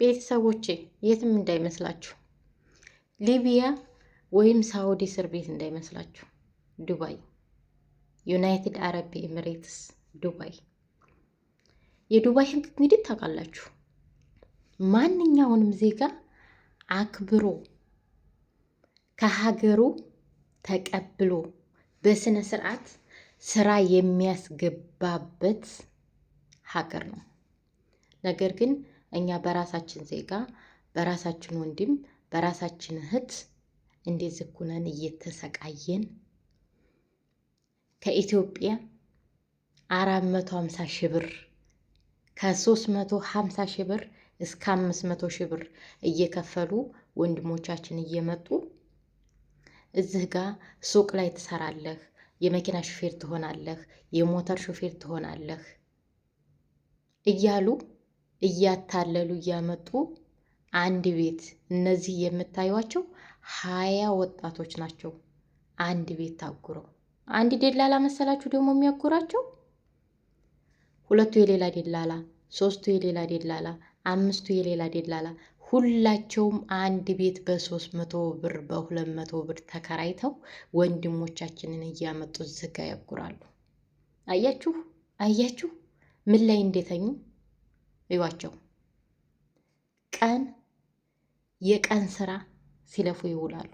ቤተሰቦቼ የትም እንዳይመስላችሁ፣ ሊቢያ ወይም ሳውዲ እስር ቤት እንዳይመስላችሁ፣ ዱባይ፣ ዩናይትድ አረብ ኤምሬትስ ዱባይ። የዱባይ ህግ እንግዲህ ታውቃላችሁ፣ ማንኛውንም ዜጋ አክብሮ ከሀገሩ ተቀብሎ በስነ ስርዓት ስራ የሚያስገባበት ሀገር ነው። ነገር ግን እኛ በራሳችን ዜጋ፣ በራሳችን ወንድም፣ በራሳችን እህት እንደዚህ እኮ ነን እየተሰቃየን ከኢትዮጵያ አራት መቶ ሀምሳ ሺህ ብር ከሶስት መቶ ሀምሳ ሺህ ብር እስከ አምስት መቶ ሺህ ብር እየከፈሉ ወንድሞቻችን እየመጡ እዚህ ጋር ሱቅ ላይ ትሰራለህ፣ የመኪና ሹፌር ትሆናለህ፣ የሞተር ሹፌር ትሆናለህ እያሉ እያታለሉ እያመጡ አንድ ቤት እነዚህ የምታዩቸው ሀያ ወጣቶች ናቸው። አንድ ቤት ታጉረው አንድ ደላላ መሰላችሁ ደግሞ የሚያጉራቸው ሁለቱ የሌላ ደላላ፣ ሶስቱ የሌላ ደላላ፣ አምስቱ የሌላ ደላላ ሁላቸውም አንድ ቤት በሶስት መቶ ብር በሁለት መቶ ብር ተከራይተው ወንድሞቻችንን እያመጡ ዝጋ ያጉራሉ። አያችሁ አያችሁ ምን ላይ እንደተኙ እዩዋቸው። ቀን የቀን ስራ ሲለፉ ይውላሉ።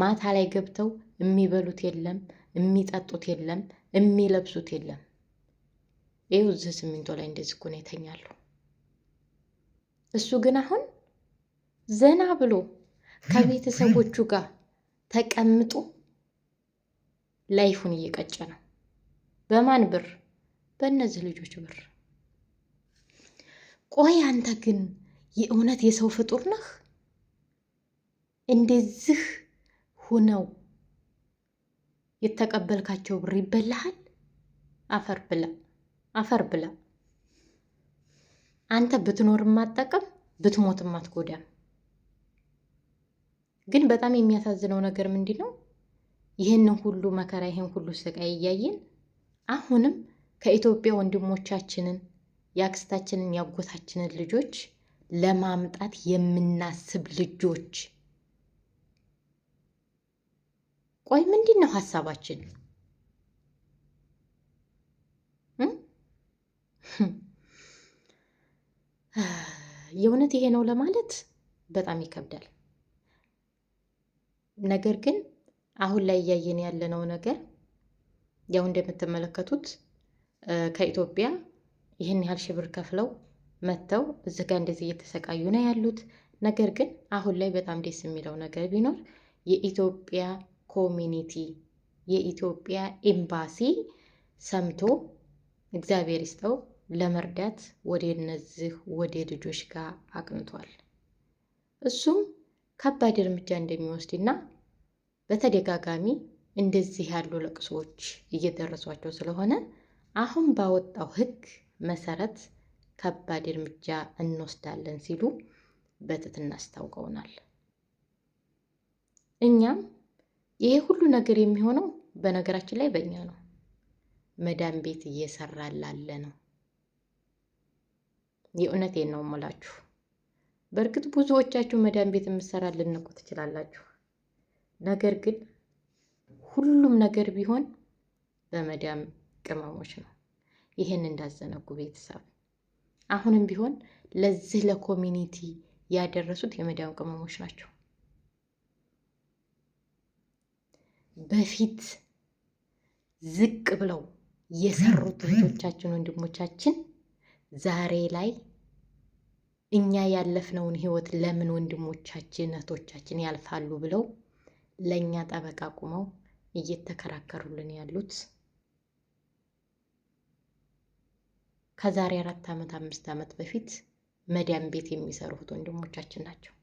ማታ ላይ ገብተው የሚበሉት የለም፣ የሚጠጡት የለም፣ የሚለብሱት የለም። ይኸው እዚህ ሲሚንቶ ላይ እንደዚህ እኮ ነው እሱ ግን አሁን ዘና ብሎ ከቤተሰቦቹ ጋር ተቀምጦ ላይፉን እየቀጨ ነው። በማን ብር? በእነዚህ ልጆች ብር። ቆይ አንተ ግን የእውነት የሰው ፍጡር ነህ? እንደዚህ ሁነው የተቀበልካቸው ብር ይበላሃል? አፈር ብላ አፈር ብላ። አንተ ብትኖርም ማጠቀም ብትሞትም አትጎዳም። ግን በጣም የሚያሳዝነው ነገር ምንድ ነው? ይህንን ሁሉ መከራ ይህን ሁሉ ስቃይ እያየን አሁንም ከኢትዮጵያ ወንድሞቻችንን የአክስታችንን ያጎታችንን ልጆች ለማምጣት የምናስብ ልጆች፣ ቆይ ምንድን ነው ሀሳባችን? የእውነት ይሄ ነው ለማለት በጣም ይከብዳል። ነገር ግን አሁን ላይ እያየን ያለነው ነገር ያው እንደምትመለከቱት ከኢትዮጵያ ይህን ያህል ሺህ ብር ከፍለው መጥተው እዚህ ጋር እንደዚህ እየተሰቃዩ ነው ያሉት። ነገር ግን አሁን ላይ በጣም ደስ የሚለው ነገር ቢኖር የኢትዮጵያ ኮሚኒቲ የኢትዮጵያ ኤምባሲ ሰምቶ እግዚአብሔር ይስጠው ለመርዳት ወደ እነዚህ ወደ ልጆች ጋር አቅንቷል። እሱም ከባድ እርምጃ እንደሚወስድና በተደጋጋሚ እንደዚህ ያሉ ለቅሶዎች እየደረሷቸው ስለሆነ አሁን ባወጣው ሕግ መሰረት ከባድ እርምጃ እንወስዳለን ሲሉ በትህትና አስታውቀውናል። እኛም ይሄ ሁሉ ነገር የሚሆነው በነገራችን ላይ በእኛ ነው። መዳን ቤት እየሰራላለ ነው። የእውነቴን ነው የምላችሁ። በእርግጥ ብዙዎቻችሁ መዳን ቤት የምሰራ ልንቁ ትችላላችሁ። ነገር ግን ሁሉም ነገር ቢሆን በመዳም ቅመሞች ነው። ይሄን እንዳዘነጉ ቤተሰብ አሁንም ቢሆን ለዚህ ለኮሚኒቲ ያደረሱት የመዳም ቅመሞች ናቸው። በፊት ዝቅ ብለው የሰሩት እህቶቻችን ወንድሞቻችን ዛሬ ላይ እኛ ያለፍነውን ህይወት ለምን ወንድሞቻችን እህቶቻችን ያልፋሉ ብለው ለእኛ ጠበቃ ቁመው እየተከራከሩልን ያሉት ከዛሬ አራት ዓመት አምስት ዓመት በፊት መዳም ቤት የሚሰሩት ወንድሞቻችን ናቸው።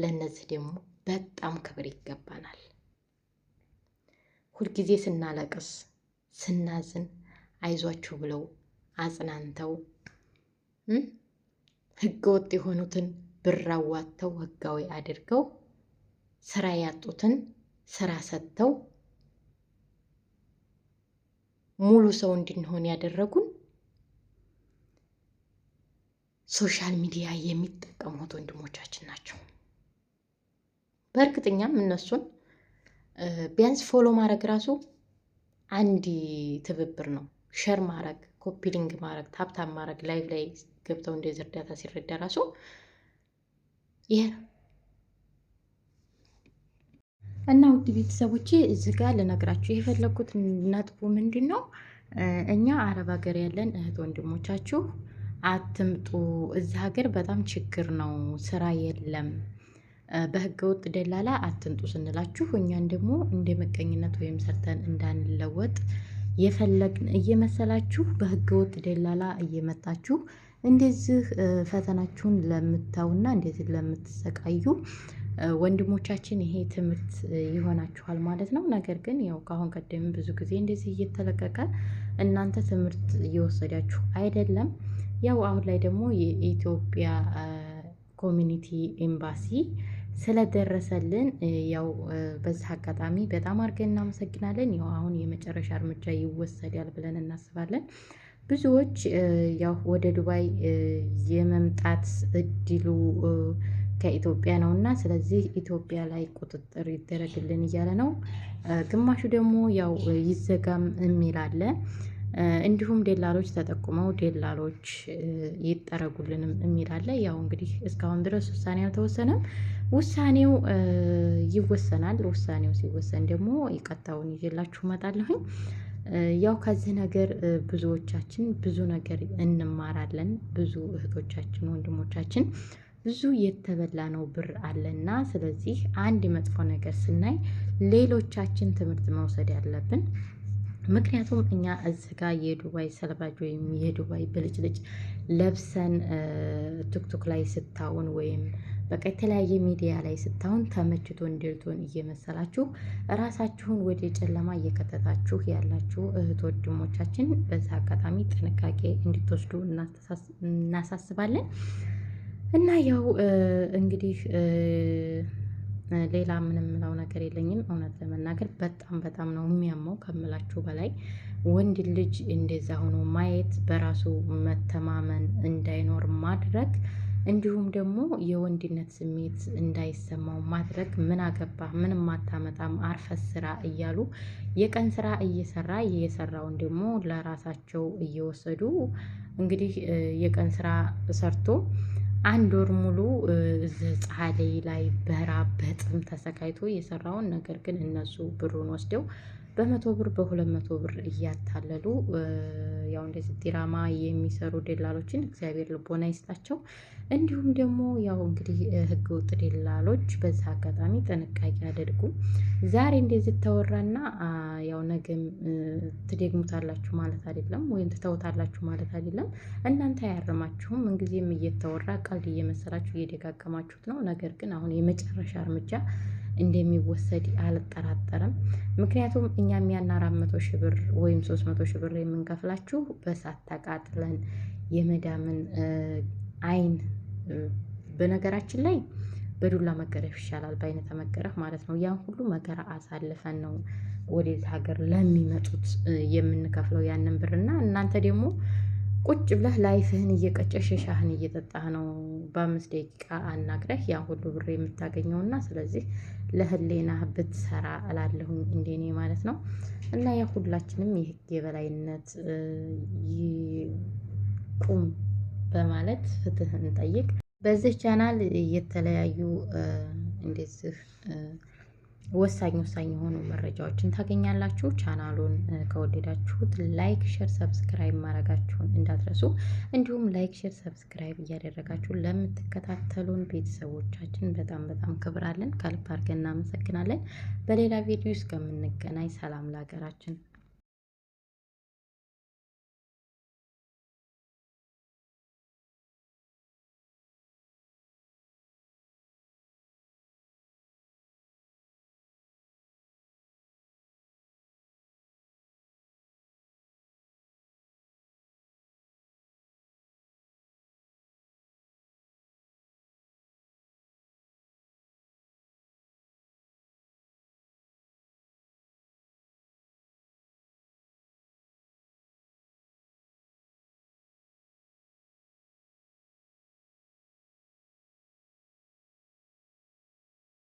ለእነዚህ ደግሞ በጣም ክብር ይገባናል። ሁልጊዜ ስናለቅስ ስናዝን አይዟችሁ ብለው አጽናንተው ህገወጥ የሆኑትን ብር አዋጥተው ህጋዊ አድርገው ስራ ያጡትን ስራ ሰጥተው ሙሉ ሰው እንድንሆን ያደረጉን ሶሻል ሚዲያ የሚጠቀሙት ወንድሞቻችን ናቸው። በእርግጠኛም እነሱን ቢያንስ ፎሎ ማድረግ ራሱ አንድ ትብብር ነው። ሸር ማድረግ፣ ኮፒሊንግ ማድረግ፣ ታብታብ ማድረግ፣ ላይቭ ላይ ገብተው እንደዚህ እርዳታ ሲረዳ ራሱ ይሄ ነው እና ውድ ቤተሰቦች እዚህ ጋር ልነግራችሁ የፈለግኩት ነጥቡ ምንድን ነው? እኛ አረብ ሀገር ያለን እህት ወንድሞቻችሁ አትምጡ። እዚ ሀገር በጣም ችግር ነው፣ ስራ የለም። በህገ ወጥ ደላላ አትምጡ ስንላችሁ እኛን ደግሞ እንደ መቀኝነት ወይም ሰርተን እንዳንለወጥ የፈለግን እየመሰላችሁ በህገ ወጥ ደላላ እየመጣችሁ እንደዚህ ፈተናችሁን ለምታዩና እንደዚህ ለምትሰቃዩ ወንድሞቻችን ይሄ ትምህርት ይሆናችኋል ማለት ነው። ነገር ግን ያው ከአሁን ቀደም ብዙ ጊዜ እንደዚህ እየተለቀቀ እናንተ ትምህርት እየወሰዳችሁ አይደለም። ያው አሁን ላይ ደግሞ የኢትዮጵያ ኮሚኒቲ ኤምባሲ ስለደረሰልን ያው በዚህ አጋጣሚ በጣም አድርገን እናመሰግናለን። ያው አሁን የመጨረሻ እርምጃ ይወሰዳል ብለን እናስባለን። ብዙዎች ያው ወደ ዱባይ የመምጣት እድሉ ከኢትዮጵያ ነው እና ስለዚህ ኢትዮጵያ ላይ ቁጥጥር ይደረግልን እያለ ነው። ግማሹ ደግሞ ያው ይዘጋም የሚል አለ። እንዲሁም ደላሎች ተጠቁመው ደላሎች ይጠረጉልንም የሚል አለ። ያው እንግዲህ እስካሁን ድረስ ውሳኔ አልተወሰነም። ውሳኔው ይወሰናል። ውሳኔው ሲወሰን ደግሞ ቀጣዩን ይዤላችሁ እመጣለሁኝ። ያው ከዚህ ነገር ብዙዎቻችን ብዙ ነገር እንማራለን። ብዙ እህቶቻችን፣ ወንድሞቻችን ብዙ የተበላ ነው ብር አለና፣ ስለዚህ አንድ መጥፎ ነገር ስናይ ሌሎቻችን ትምህርት መውሰድ ያለብን ምክንያቱም እኛ እዚህ ጋ የዱባይ ሰልባጅ ወይም የዱባይ ብልጭልጭ ለብሰን ቱክቱክ ላይ ስታውን ወይም በቃ የተለያየ ሚዲያ ላይ ስታውን ተመችቶ ደልቶን እየመሰላችሁ ራሳችሁን ወደ ጨለማ እየከተታችሁ ያላችሁ እህት ወንድሞቻችን በዛ አጋጣሚ ጥንቃቄ እንድትወስዱ እናሳስባለን እና ያው እንግዲህ ሌላ ምንም ምለው ነገር የለኝም። እውነት ለመናገር በጣም በጣም ነው የሚያመው ከምላችሁ በላይ ወንድ ልጅ እንደዛ ሆኖ ማየት በራሱ መተማመን እንዳይኖር ማድረግ እንዲሁም ደግሞ የወንድነት ስሜት እንዳይሰማው ማድረግ ምን አገባህ፣ ምንም አታመጣም፣ አርፈ ስራ እያሉ የቀን ስራ እየሰራ የሰራውን ደግሞ ለራሳቸው እየወሰዱ እንግዲህ የቀን ስራ ሰርቶ አንድ ወር ሙሉ ፀሐይ ላይ በራ በጥም ተሰቃይቶ የሰራውን ነገር ግን እነሱ ብሩን ወስደው በመቶ ብር በሁለት መቶ ብር እያታለሉ ያው እንደዚህ ዲራማ የሚሰሩ ደላሎችን እግዚአብሔር ልቦና ይስጣቸው። እንዲሁም ደግሞ ያው እንግዲህ ህገወጥ ደላሎች በዛ አጋጣሚ ጥንቃቄ አድርጉ። ዛሬ እንደዚህ ተወራና ያው ነገም ትደግሙታላችሁ ማለት አይደለም፣ ወይም ትተውታላችሁ ማለት አይደለም። እናንተ አያርማችሁም። ምንጊዜም እየተወራ ቀልድ እየመሰላችሁ እየደጋገማችሁት ነው። ነገር ግን አሁን የመጨረሻ እርምጃ እንደሚወሰድ አልጠራጠርም። ምክንያቱም እኛም ያን አራት መቶ ሺህ ብር ወይም ሶስት መቶ ሺህ ብር የምንከፍላችሁ በሳት ተቃጥለን የመዳምን አይን በነገራችን ላይ በዱላ መገረፍ ይሻላል፣ በአይነተ መገረፍ ማለት ነው። ያን ሁሉ መከራ አሳልፈን ነው ወደዚህ ሀገር ለሚመጡት የምንከፍለው ያንን ብርና እናንተ ደግሞ ቁጭ ብለህ ላይፍህን እየቀጨሽ ሻህን እየጠጣህ ነው በአምስት ደቂቃ አናግረህ ያ ሁሉ ብር እና ስለዚህ ለህሌና ብትሰራ እላለሁኝ እንደኔ ማለት ነው። እና ያ ሁላችንም የህግ የበላይነት ይቁም በማለት ፍትህ እንጠይቅ። በዚህ ቻናል የተለያዩ እንደዚህ ወሳኝ ወሳኝ የሆኑ መረጃዎችን ታገኛላችሁ። ቻናሉን ከወደዳችሁት ላይክ፣ ሼር፣ ሰብስክራይብ ማድረጋችሁን እንዳትረሱ። እንዲሁም ላይክ፣ ሼር፣ ሰብስክራይብ እያደረጋችሁ ለምትከታተሉን ቤተሰቦቻችን በጣም በጣም ክብራለን። ከልብ አድርገን እናመሰግናለን። በሌላ ቪዲዮ እስከምንገናኝ ሰላም ለሀገራችን።